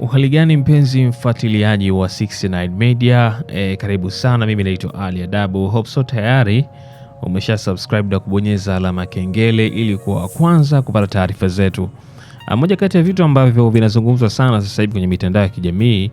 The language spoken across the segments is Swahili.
Uhali gani mpenzi mfuatiliaji wa 69 Media e, karibu sana. Mimi naitwa Ali Adabu. Hope so tayari umesha subscribe na kubonyeza alama kengele ili kuwa wa kwanza kupata taarifa zetu. Moja kati ya vitu ambavyo vinazungumzwa sana sasa hivi kwenye mitandao ya kijamii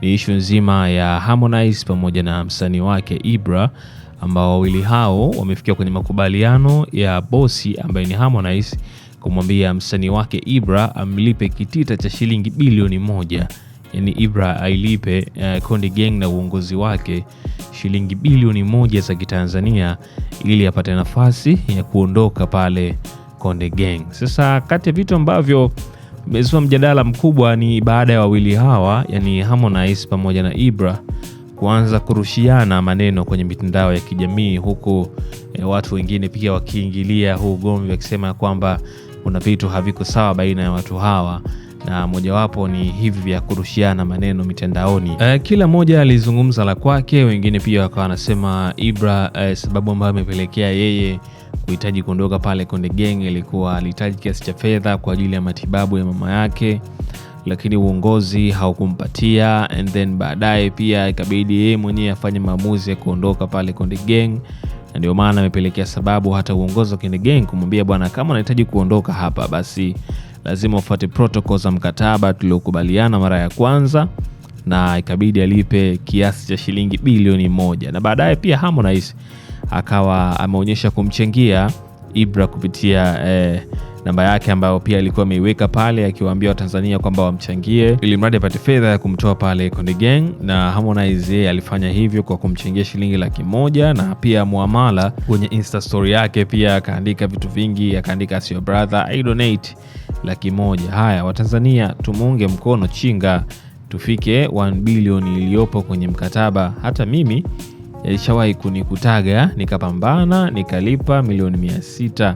ni ishu nzima ya Harmonize pamoja na msanii wake Ibra ambao wawili hao wamefikia kwenye makubaliano ya bosi ambaye ni Harmonize kumwambia msanii wake Ibra amlipe kitita cha shilingi bilioni moja. Yani Ibra ailipe uh, Konde Gang na uongozi wake shilingi bilioni moja za Kitanzania ili apate nafasi ya kuondoka pale Konde Gang. Sasa kati ya vitu ambavyo imezua mjadala mkubwa ni baada ya wawili hawa yani Harmonize pamoja na Ibra kuanza kurushiana maneno kwenye mitandao ya kijamii huku e, watu wengine pia wakiingilia huu ugomvi wakisema kwamba kuna vitu haviko sawa baina ya watu hawa na mojawapo ni hivi vya kurushiana maneno mitandaoni. Uh, kila mmoja alizungumza la kwake, wengine pia wakawa wanasema Ibra uh, sababu ambayo amepelekea yeye kuhitaji kuondoka pale Konde Gang ilikuwa alihitaji kiasi cha fedha kwa ajili ya matibabu ya mama yake, lakini uongozi haukumpatia and then baadaye pia ikabidi yeye mwenyewe afanye maamuzi ya kuondoka pale Konde Gang na ndio maana amepelekea sababu hata uongozi wa Konde Gang kumwambia bwana, kama unahitaji kuondoka hapa, basi lazima ufuate protocol za mkataba tuliokubaliana mara ya kwanza, na ikabidi alipe kiasi cha shilingi bilioni moja. Na baadaye pia Harmonize akawa ameonyesha kumchengia Ibra kupitia eh, namba yake ambayo pia alikuwa ameiweka pale akiwaambia Watanzania kwamba wamchangie ili mradi apate fedha ya kumtoa pale Konde Gang, na Harmonize yeye alifanya hivyo kwa kumchangia shilingi laki moja na pia muamala kwenye insta story yake pia akaandika vitu vingi, akaandika as your brother I donate laki moja. Haya Watanzania, tumuunge mkono Chinga tufike 1 bilioni iliyopo kwenye mkataba. Hata mimi yalishawahi kunikutaga nikapambana nikalipa milioni mia sita.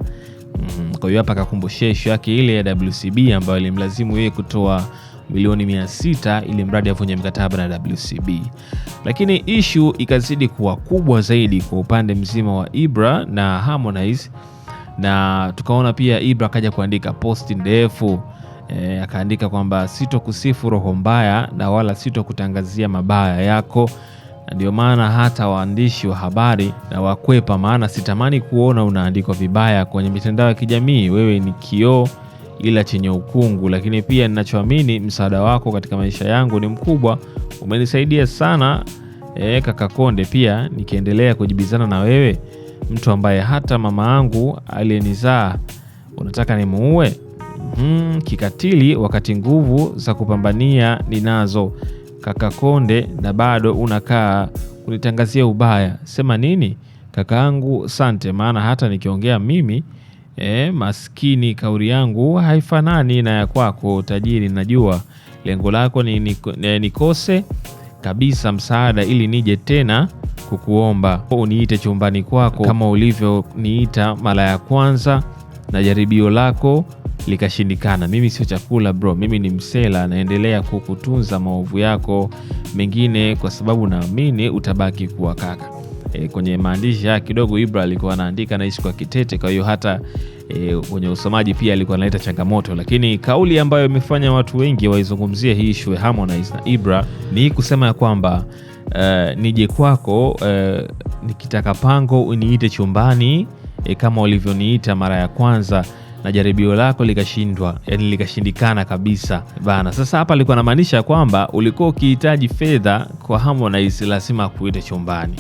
Mm, kwa hiyo hapa akakumbushia ishu yake ile ya WCB ambayo ilimlazimu yeye kutoa milioni mia sita ili mradi avunye mkataba na WCB, lakini ishu ikazidi kuwa kubwa zaidi kwa upande mzima wa Ibra na Harmonize, na tukaona pia Ibra akaja kuandika posti ndefu e, akaandika kwamba sitokusifu roho mbaya na wala sitokutangazia mabaya yako ndio maana hata waandishi wa habari na wakwepa, maana sitamani kuona unaandikwa vibaya kwenye mitandao ya kijamii. Wewe ni kioo ila chenye ukungu, lakini pia ninachoamini, msaada wako katika maisha yangu ni mkubwa, umenisaidia sana e, kaka Konde. Pia nikiendelea kujibizana na wewe, mtu ambaye hata mama yangu aliyenizaa unataka nimuue? Mm, kikatili, wakati nguvu za kupambania ninazo kaka Konde, na bado unakaa kunitangazia ubaya. Sema nini kakaangu? Sante, maana hata nikiongea mimi e, maskini, kauli yangu haifanani na ya kwako tajiri. Najua lengo lako ni eh, nikose kabisa msaada ili nije tena kukuomba uniite chumbani kwako kama ulivyoniita mara ya kwanza na jaribio lako likashindikana. Mimi sio chakula bro, mimi ni msela, naendelea kukutunza maovu yako mengine kwa sababu naamini utabaki kuwa kaka. E, kwenye maandishi haya kidogo Ibra alikuwa anaandika naishi kwa kitete, kwa hiyo hata e, kwenye usomaji pia alikuwa analeta changamoto, lakini kauli ambayo imefanya watu wengi waizungumzie hii ishu ya Harmonize na Ibra ni kusema ya kwamba uh, nije kwako uh, nikitaka pango uniite chumbani e, kama ulivyoniita mara ya kwanza na jaribio lako likashindwa, yani likashindikana kabisa bana. Sasa hapa alikuwa anamaanisha kwamba ulikuwa ukihitaji fedha kwa Harmonize, lazima akuite chumbani,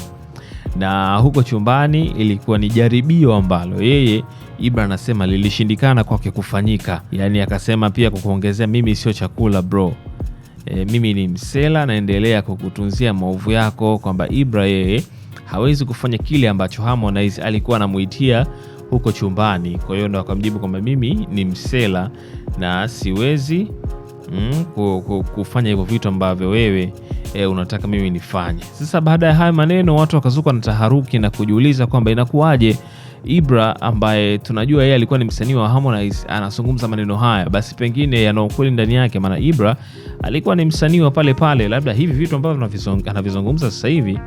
na huko chumbani ilikuwa ni jaribio ambalo yeye Ibra anasema lilishindikana kwake kufanyika. Yani akasema pia, kukuongezea, mimi sio chakula bro, e, mimi ni msela, naendelea kukutunzia maovu yako, kwamba Ibra yeye hawezi kufanya kile ambacho Harmonize alikuwa anamuitia huko chumbani. Kwa hiyo ndo akamjibu kwamba mimi ni msela na siwezi mm, kufanya hivyo vitu ambavyo wewe e, unataka mimi nifanye. Sasa baada ya haya maneno, watu wakazuka na taharuki na kujiuliza kwamba inakuwaje Ibra ambaye tunajua yeye alikuwa ni msanii wa Harmonize anazungumza maneno haya, basi pengine yana ukweli ndani yake, maana Ibra alikuwa ni msanii wa pale pale, labda hivi vitu ambavyo anavizungumza sasa hivi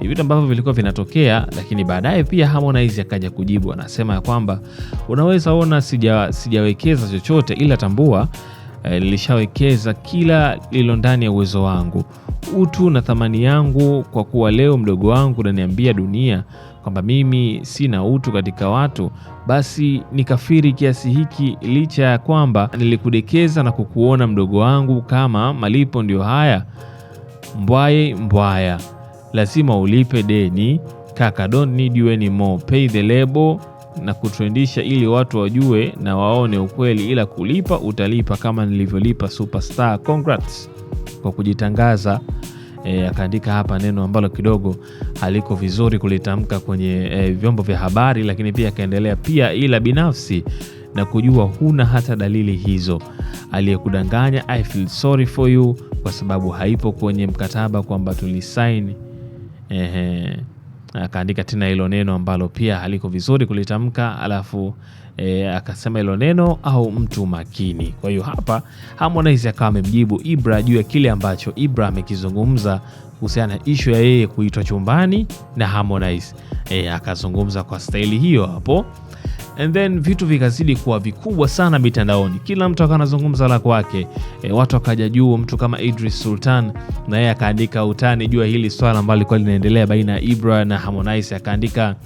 ni vitu ambavyo vilikuwa vinatokea, lakini baadaye pia Harmonize akaja kujibu, anasema ya kwamba unaweza ona sija, sijawekeza chochote, ila tambua eh, nilishawekeza kila lilo ndani ya uwezo wangu, utu na thamani yangu, kwa kuwa leo mdogo wangu unaniambia dunia kwamba mimi sina utu katika watu, basi nikafiri kiasi hiki, licha ya kwamba nilikudekeza na kukuona mdogo wangu. Kama malipo ndio haya, mbwaye mbwaya lazima ulipe deni kaka, don't need you anymore, pay the label na kutrendisha ili watu wajue na waone ukweli, ila kulipa utalipa kama nilivyolipa Superstar. Congrats kwa kujitangaza. E, akaandika hapa neno ambalo kidogo haliko vizuri kulitamka kwenye e, vyombo vya habari, lakini pia akaendelea pia, ila binafsi na kujua huna hata dalili hizo. Aliyekudanganya I feel sorry for you, kwa sababu haipo kwenye mkataba kwamba tulisaini ehe, akaandika tena hilo neno ambalo pia haliko vizuri kulitamka, alafu e, akasema hilo neno au mtu makini. Kwa hiyo hapa Harmonize akawa amemjibu Ibra juu ya kile ambacho Ibra amekizungumza kuhusiana na ishu ya yeye kuitwa chumbani na Harmonize. E, akazungumza kwa staili hiyo hapo and then vitu vikazidi kuwa vikubwa sana mitandaoni, kila mtu akawa anazungumza la kwake e, watu wakaja juu. Mtu kama Idris Sultan na yeye akaandika utani juu ya hili swala ambalo lilikuwa linaendelea baina ya Ibra na Harmonize, akaandika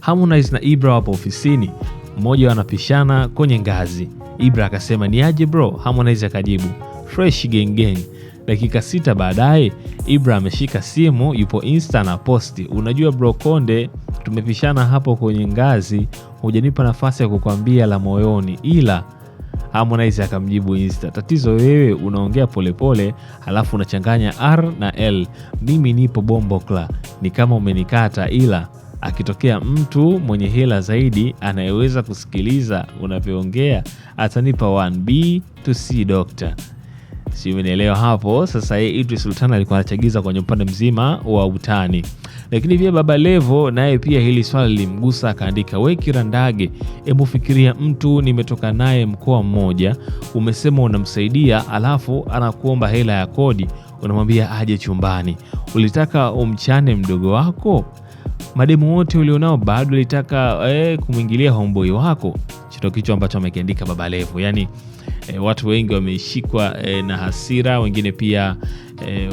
Harmonize na Ibra wapo ofisini, mmoja wanapishana kwenye ngazi. Ibra akasema ni aje bro? Harmonize akajibu fresh gengeng. Dakika sita baadaye Ibra ameshika simu, yupo insta na posti, unajua bro Konde, tumepishana hapo kwenye ngazi, hujanipa nafasi ya kukwambia la moyoni, ila Harmonize akamjibu insta, tatizo wewe unaongea polepole alafu unachanganya R na L. Mimi nipo bombokla, ni kama umenikata, ila akitokea mtu mwenye hela zaidi anayeweza kusikiliza unavyoongea atanipa 1B to C doctor si umenielewa hapo? Sasa ye Idris Sultan alikuwa anachagiza kwenye upande mzima wa utani, lakini pia Baba Levo naye pia hili swala lilimgusa, akaandika we Kirandage, hebu fikiria mtu nimetoka naye mkoa mmoja, umesema unamsaidia, alafu anakuomba hela ya kodi, unamwambia aje chumbani, ulitaka umchane mdogo wako? mademu wote ulionao bado alitaka eh, kumwingilia homeboy wako. Chito kicho ambacho amekiandika Baba Levo. Yani eh, watu wengi wameshikwa eh, na hasira, wengine pia eh,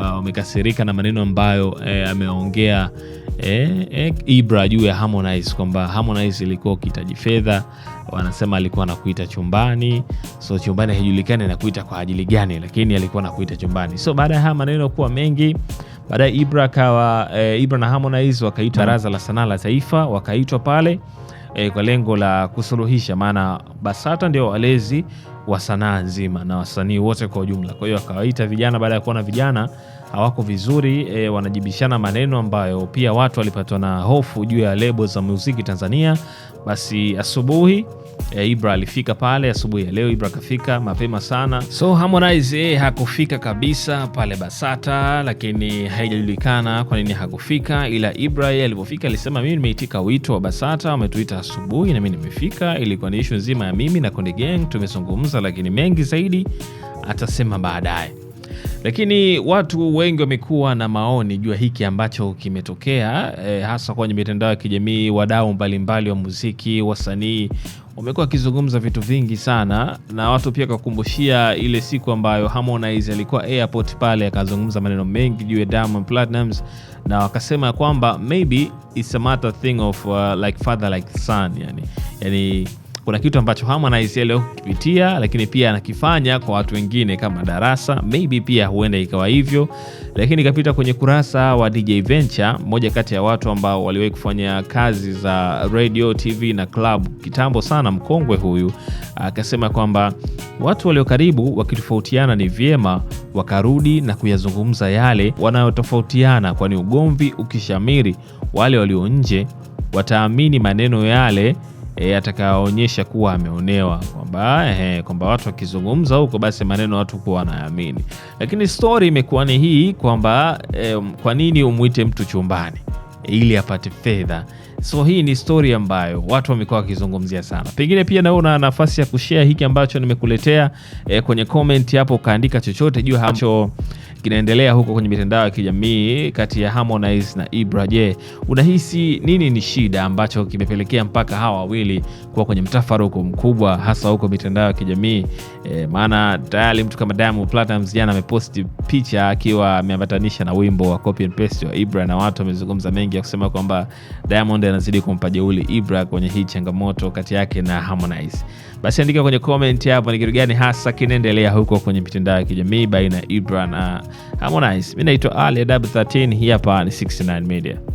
wamekasirika na maneno ambayo eh, ameongea eh, eh, Ibra juu ya Harmonize kwamba Harmonize ilikuwa ukihitaji fedha wanasema alikuwa anakuita chumbani, so chumbani haijulikani anakuita kwa ajili gani, lakini alikuwa anakuita chumbani. So baada ya haya maneno kuwa mengi Baadaye Ibra akawa e, Ibra na Harmonize wakaitwa Baraza la Sanaa la Taifa, wakaitwa pale e, kwa lengo la kusuluhisha, maana Basata ndio walezi wa sanaa nzima na wasanii wote kwa ujumla. Kwa hiyo akawaita vijana, baada ya kuona vijana hawako vizuri e, wanajibishana maneno ambayo pia watu walipatwa na hofu juu ya lebo za muziki Tanzania. Basi asubuhi e, Ibra alifika pale asubuhi ya leo. Ibra akafika mapema sana, so Harmonize e, hakufika kabisa pale Basata, lakini haijajulikana kwa nini hakufika, ila Ibra yeye alipofika alisema mimi nimeitika wito wa Basata, wametuita asubuhi na mimi nimefika. Ilikuwa ni ishu nzima ya mimi na Konde Gang tumezungumza, lakini mengi zaidi atasema baadaye. Lakini watu wengi wamekuwa na maoni juu ya hiki ambacho kimetokea, e, hasa kwenye mitandao ya kijamii. Wadau mbalimbali wa muziki, wasanii wamekuwa wakizungumza vitu vingi sana, na watu pia kakumbushia ile siku ambayo Harmonize alikuwa airport pale akazungumza maneno mengi juu ya Diamond Platnumz, na wakasema kwamba maybe it's a matter thing of uh, like father like son, yani yani kuna kitu ambacho Harmonize leo kukipitia, lakini pia anakifanya kwa watu wengine kama darasa, maybe pia huenda ikawa hivyo. Lakini ikapita kwenye kurasa wa DJ Venture, mmoja kati ya watu ambao waliwahi kufanya kazi za radio, TV na club kitambo sana, mkongwe huyu akasema kwamba watu walio karibu wakitofautiana ni vyema wakarudi na kuyazungumza yale wanayotofautiana, kwani ugomvi ukishamiri, wale walio nje wataamini maneno yale e, atakaonyesha kuwa ameonewa kwamba kwamba watu wakizungumza huko basi maneno watu kuwa wanaamini. Lakini stori imekuwa ni hii kwamba e, kwa nini umwite mtu chumbani ili apate fedha? So hii ni stori ambayo watu wamekuwa wakizungumzia sana. Pengine pia nawe una nafasi ya kushare hiki ambacho nimekuletea e, kwenye comment hapo, ukaandika chochote juu ambacho kinaendelea huko kwenye mitandao ya kijamii kati ya Harmonize na Ibra. Je, unahisi nini ni shida ambacho kimepelekea mpaka hawa wawili kuwa kwenye mtafaruku mkubwa hasa huko mitandao ya kijamii e? Maana tayari mtu kama Diamond Platnumz jana ameposti picha akiwa ameambatanisha na wimbo wa copy and paste wa Ibra, na watu wamezungumza mengi ya kusema kwamba Diamond anazidi kumpa jeuli Ibra kwenye hii changamoto kati yake na Harmonize. Basi andika kwenye comment hapo ni kitu gani hasa kinaendelea huko kwenye mitandao ya kijamii baina ya Ibra na Harmonize. Mimi naitwa Ali W13, hii hapa ni 69 Media.